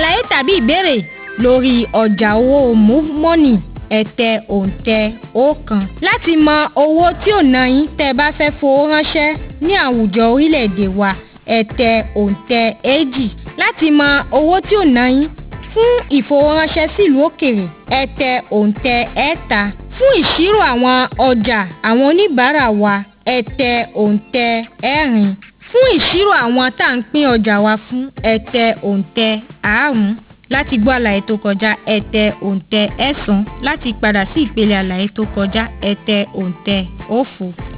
àlàyé tàbí ìbéèrè lórí ọjà owó move money ẹ tẹ òǹtẹ̀ ọ̀kan láti mọ owó tí ò ná yín tẹ́ bá fẹ́ fowó ránṣẹ́ ní àwùjọ orílẹ̀-èdè wa ẹ tẹ òǹtẹ̀ èjì láti mọ owó tí ò ná yín fún ìfowóránṣẹ́ sílùú òkèèrè ẹ òǹtẹ̀ ẹ̀ta fún ìṣirò àwọn ọjà àwọn oníbàárà wa ẹ tẹ òǹtẹ̀ ẹ̀rin Fún ìṣirò àwọn tá à ń pín ọjà wa fún, ẹ tẹ òǹtẹ̀ àárún láti gbọ́ àlàyé tó kọjá, ẹ tẹ ẹ̀sán láti padà sí ìpele àlàyé tó kọjá, ẹ tẹ òǹtẹ̀